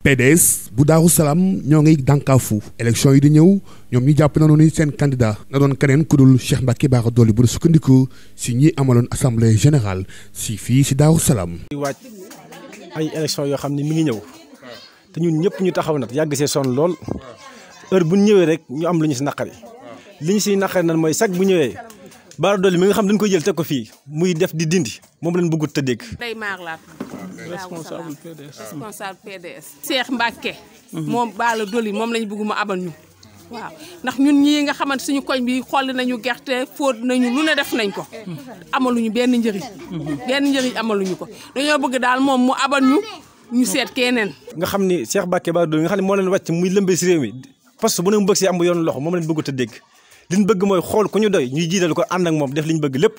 PDS bu Daaru Salaam ñoo ngi dànkaafu élection yi di ñëw ñoom ñu jàpp nañu ni seen candidat na doon keneen ku dul Cheikh Mbacke Bara Dolly bu sukkandiku si ñi amaloon assemblée général si fii si Daaru Salaam. waaj ay élection yoo xam ne mi ngi ñëw te ñun ñëpp ñu taxaw nag yàgg see sonn lool heure bu ñëwee rek ñu am lu ñu si naqari li ñu siy naqari nan mooy sag bu ñëwee baara dolli mi nga xam dañ koy jël teg ko fii muy def di dindi moom lañ bëggut te dégg. day maar laa responsable PDS responsable PDS. Cheikh Mbacke. Mhm. moom baara dolli moom lañ bëgg mu abal ñu. waaw ndax ñun ñii nga xamante suñu koñ bi xool nañu gerte fóot nañu lu ne def nañ ko. Mhm. amalu ñu benn njëriñ. Mhm. benn njëriñ amaluñu ko dañoo bëgg daal moom mu aban ñu ñu seet keneen. nga xam ni Cheikh Mbacke Bara Dolly nga xam ne moo leen wàcc muy lëmbee si réew mi parce que bu ne mu bëgg si am yoon loxo moom lañ bëggut dégg li bëgg mooy xool ku ñu doy ñuy jiital ko ànd ak moom def li ñu bëgg lépp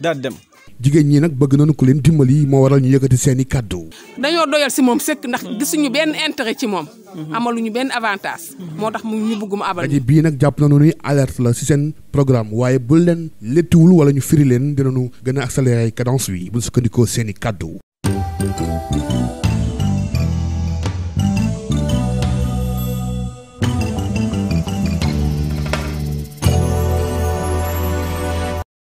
daal dem. jigéen ñi nag bëgg nañu ko leen dimbali moo waral ñu yëkkati seen i kàddu. dañoo doyal si moom sëkk ndax gisuñu benn intérêt ci moom. amaluñu benn avantage. moo tax mu ñu bëgg abal. rajo bii nag jàpp na nañu ni alerte la si seen programme waaye bu leen léttiwul wala ñu firi leen dinañu gën a accélérer cadence bi sukkandikoo seen i